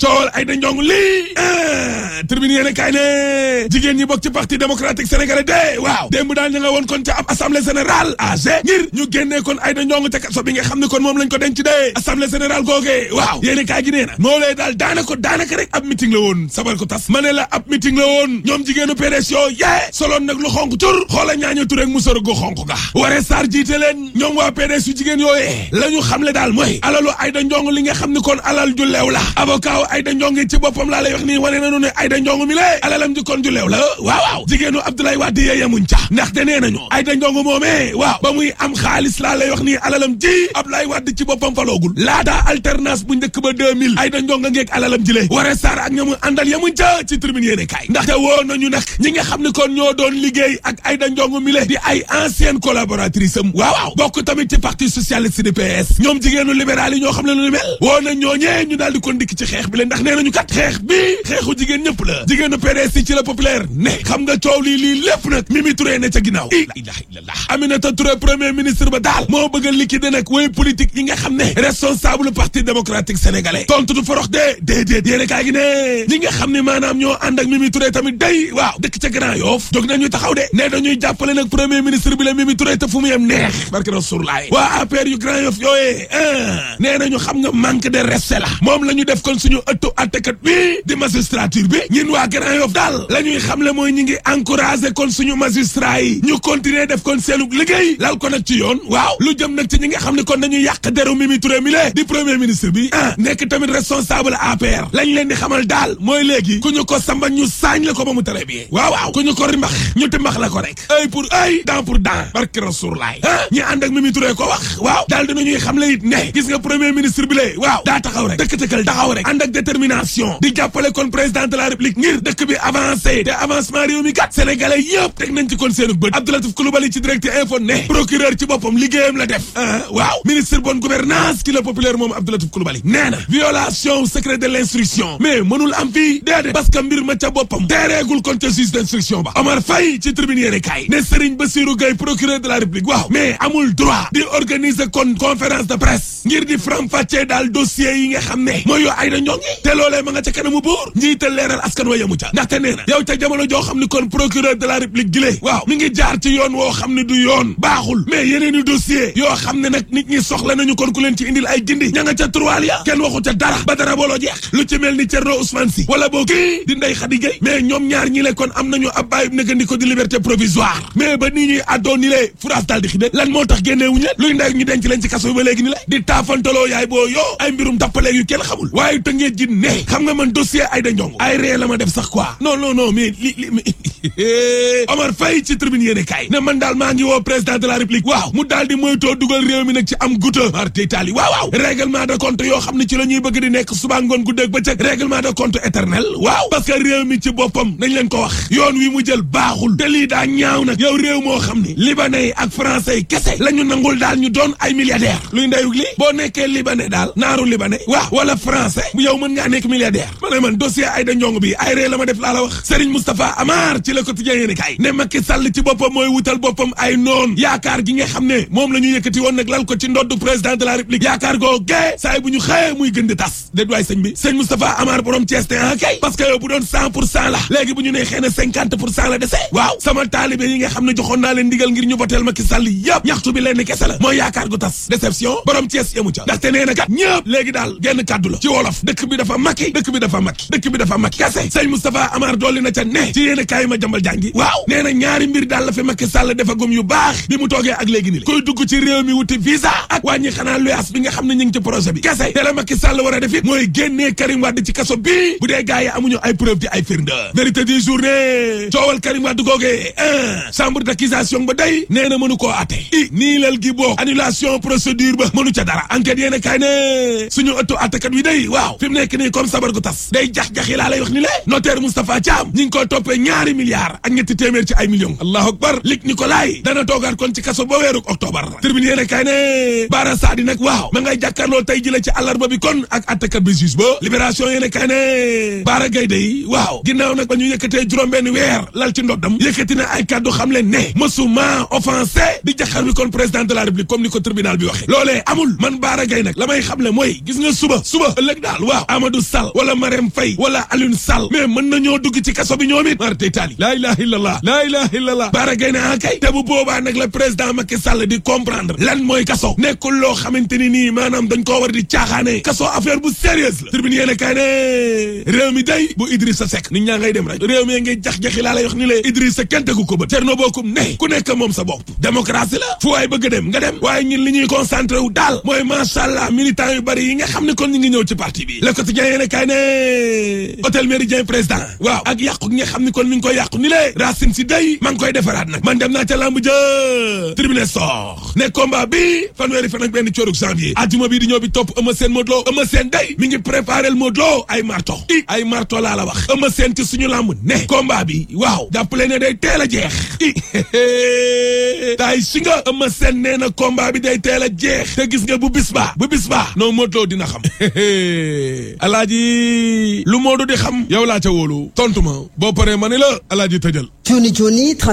coowal Aïda Ndiongue lii eh, tribune yéene kaay ne jigéen ñi bokk ci parti démocratique sénégalais de waaw démb daal ña nga woon kon ca ab assemblée générale AG ngir ñu génnee kon ay Aïda Ndiongue ca kaso bi nga xam ne kon moom lañ ko denc de assemblée générale googee waaw yéene kaay gi nee na noo daal daanaka daanaka rek ab meeting la woon sabar ko tas ma ne la ab meeting la woon ñoom jigéenu PDS yoo soloon nag lu xonk tur xoola ñaaña tur ak musoro gu xonk ga waree Sarr jiite leen ñoom waa la ñu xamle daal mooy alalu Aïda Ndiongue li nga xam ne kon alal ju la ay da Ndiongue ci boppam laa lay wax nii wane nañu ne Ayda Ndiongue mi lay alalam ji kon ju leew la waaw waaw jigéenu Abdoulaye Wade yee yemuñ ca ndaxte nee nañu Ayda Ndiongue moomee waaw ba muy am xaalis laa lay wax nii alalam ji Abdoulaye Wade ci boppam faloogul laataa alternance bu njëkk ba 2000 Ayda Ndiongue ngeeg alalam ji le wara saar ak ñamu àndal yemuñ ca ci tribune yéene kaay ndaxte woo ñu nag ñi nga xam ne kon ñoo doon liggéey ak ay da mi le di ay ancienne collaboratrice am waaw waaw tamit ci parti socialiste ñoom jigéenu libéral yi ñoo xam ne lu mel woo nañ ñu daal di kon dikk ci xeex bi jàppale ndax nee nañu kat xeex bi xeexu jigéen ñëpp la jigéenu PDS yi xam nga coow lii lii lépp nag Mimi Touré ne ca ginnaaw i ilaha illallah Aminata Touré premier ministre ba daal moo bëgg a liquider nag way politique yi nga xam ne responsable parti démocratique sénégalais tontu du forox de déedéet yéene kaa gi ne ñi nga xam ne maanaam ñoo ànd ak Mimi Touré tamit day waaw dëkk ca Grand Yoff jóg nañu taxaw de ne dañuy jàppale nag premier ministre bi la Mimi Touré te fu mu yem de respect la ëttu attekat bi di magistrature bi ñun waa Grand Yoff daal la ñuy xamle mooy ñu ngi encouragé kon suñu magistrat yi ñu continuer def kon seenug liggéey lal ko nag ci yoon waaw lu jëm nag ci ñi nga xam ne kon nañu yàq deru Mimi Touré mi le di premier ministre bi ah nekk tamit responsable APR lañ leen di xamal daal mooy léegi ku ñu ko samba ñu saañ la ko ba mu tere bi waaw waaw ku ñu ko rimbax ñu timbax la ko rek œil pour œil dent pour dent barke Rasuul laay ah ñi ànd ak Mimi Touré ko wax waaw daal dinañuy xamle it ne gis nga premier ministre bi le waaw daa taxaw rek dëkk tëkkal taxaw rek ànd ak détermination di jàppale kon président de la république ngir dëkk bi avancé te avancement réew mi kat sénégalais yëpp teg nañ ci kon seenu bët Abdoulatif Coulibaly ci direct info ne procureur ci boppam liggéeyam la def ah waaw ministre bonne gouvernance ki la populaire moom Abdoulatif Coulibaly nee na violation secret de l'instruction mais mënul am fii déedéet parce que mbir ma ca boppam teereegul kon ca juge d'instruction ba Omar Faye ci tribune yéene kaay ne Serigne Bassirou Gueye procureur de la république waaw daal dossier yi nga xam ne mooy yoo ay na te loolee ma nga ca kanamu buur njiital leeral askan wa yamu ca ndaxte nee na yow ca jamono joo xam ni kon procureur de la république gile waaw mi ngi jaar ci yoon woo xam ne du yoon baaxul mais yeneen i dossier yoo xam ne nag nit ñi soxla nañu kon ku leen ci indil ay gindi ña nga ca turwaal ya kenn waxu ca dara ba dara booloo jeex lu ci mel ni Thierno Ousmane Sy wala boo kii di Ndeye Khady Gueye mais ñoom ñaar ñi le am nañu ab bàyyib nagandiko tax génnee wuñu leen luy ndaw ñu denc ji ne xam nga man dossier Aïda Ndiongue ay ree la ma def sax quoi non non non mais li li Omar Faye ci tribune yéene kaay ne man daal maa ngi woo président de la république waaw mu daal di moytoo dugal réew mi nag ci am guta marté taali waaw waaw ba cëg règlement de compte éternel waaw parce que réew mi ci boppam nañ leen ko wax yoon wi mu jël baaxul te lii daa ñaaw nag yow réew moo xam ne libanais yi ak français kese la ñu nangul daal ñu doon ay milliardaire luy ndeyug li boo nekkee libanais daal naaru libanais waaw wala mën ngaa nekk milliardaire ma ne man dossier Aïda Ndiongue bi ay ree la ma def laa la wax Serigne Moustapha Amar ci le quotidien yéen kaay ne Macky Sall ci boppam mooy wutal boppam ay noon yaakaar gi nga xam ne moom la ñu yëkkati woon nag lal ko ci ndoddu président de la république yaakaar googee saay bu ñu xëyee muy gën di tas déet waay sëñ bi sëñ Moustapha Amar borom Thiès te ah kay parce que bu doon cent pour cent la léegi bu ñu nee xëy na cinquante pour cent la dese bi dafa makki dëkk bi dafa makki dëkk bi dafa makki kase sëñ Moustapha Amar dolli na ca ne ci yéen kaay ma jambal jàngi waaw nee na ñaari mbir daal la fi Macky Sall defagum yu baax bi mu toogee ak léegi ni koy dugg ci réew mi wuti visa ak wàññi xanaa luyaas bi nga xam ne ñu ci projet bi kase te la Macky Sall war a def it mooy génnee Karim Wade ci kaso bii bu dee gars yi ay preuve di ay firnde vérité du journée coowal Karim Wade googee un chambre d'accusation ba nekk nii comme sabar gu tas day jax-jaxi laa lay wax ni la notaire Moustapha Thiam ñi ngi koy toppee ñaari milliards ak ñetti téeméer kon ci kaso ba weeruk octobre tribune yéen a kay Bara Sadi waaw ma ngay jàkkaarloo tey ji la ci àllarba bi kon ak attakat bi juge ba libération yéen a kay ne Bara Gaye day waaw ginnaaw ba ñu yëkkatee juróom-benn weer lal ci ndoddam yëkkati na ay kàddu xam leen ne mësuma offensé di jaxar bi kon président de la république comme ni ko tribunal bi waxe loolee amul man Bara Gaye nag la may xam le mooy gis nga suba suba ëllëg daal waaw Amadou Sall wala Marème Faye wala Alioune Sall mais mën nañoo dugg ci kaso bi ñoom it marte itaali laa ilaha illallah laa ilaha illallah baara gay ne ah kay te bu boobaa nag la président Macky Sall di comprendre lan mooy kaso nekkul loo xamante ni nii maanaam dañ koo war di caaxaane kaso affaire bu sérieuse la tribune yéen a kaay ne réew mi day bu Idrissa Seck nit ñaa ngay dem rek réew mi ngay jax-jaxi laa lay wax ni lay Idrissa kenn tegu ko bët Thierno Bocoum ne ku nekk moom sa bopp démocratie la fu waay bëgg a dem nga dem waaye ñun li ñuy concentré wu daal mooy macha allah militant yu bari yi nga xam ne kon ñu ngi ñëw ci parti bi quotidien yéen a kaay ne hôtel président waaw ak yàqu gi nga xam ni kon mi ngi koy yàqu ni lée racine si day maa ngi koy defaraat nag man dem naa ca lamb jë tribune sor ne combat bi fanweeri fan ak benn coorug janvier ajuma bi di ñëw bi topp Eumeu Sène Modou Lô Eumeu day mi ngi préparé Modou Lô ay marto i ay marto laa la wax Eumeu Sène ci suñu lamb ne combat bi waaw jàppale ne day teel a jeex i daay si nga Eumeu Sène nee na combat bi day teel a jeex te gis nga bu bis baa bu bis baa non Modou dina xam alaaji lu Modou di xam yow laa ca wóolu tontu ma boo paree ma ni la alaaji tëjal. cuuni cuuni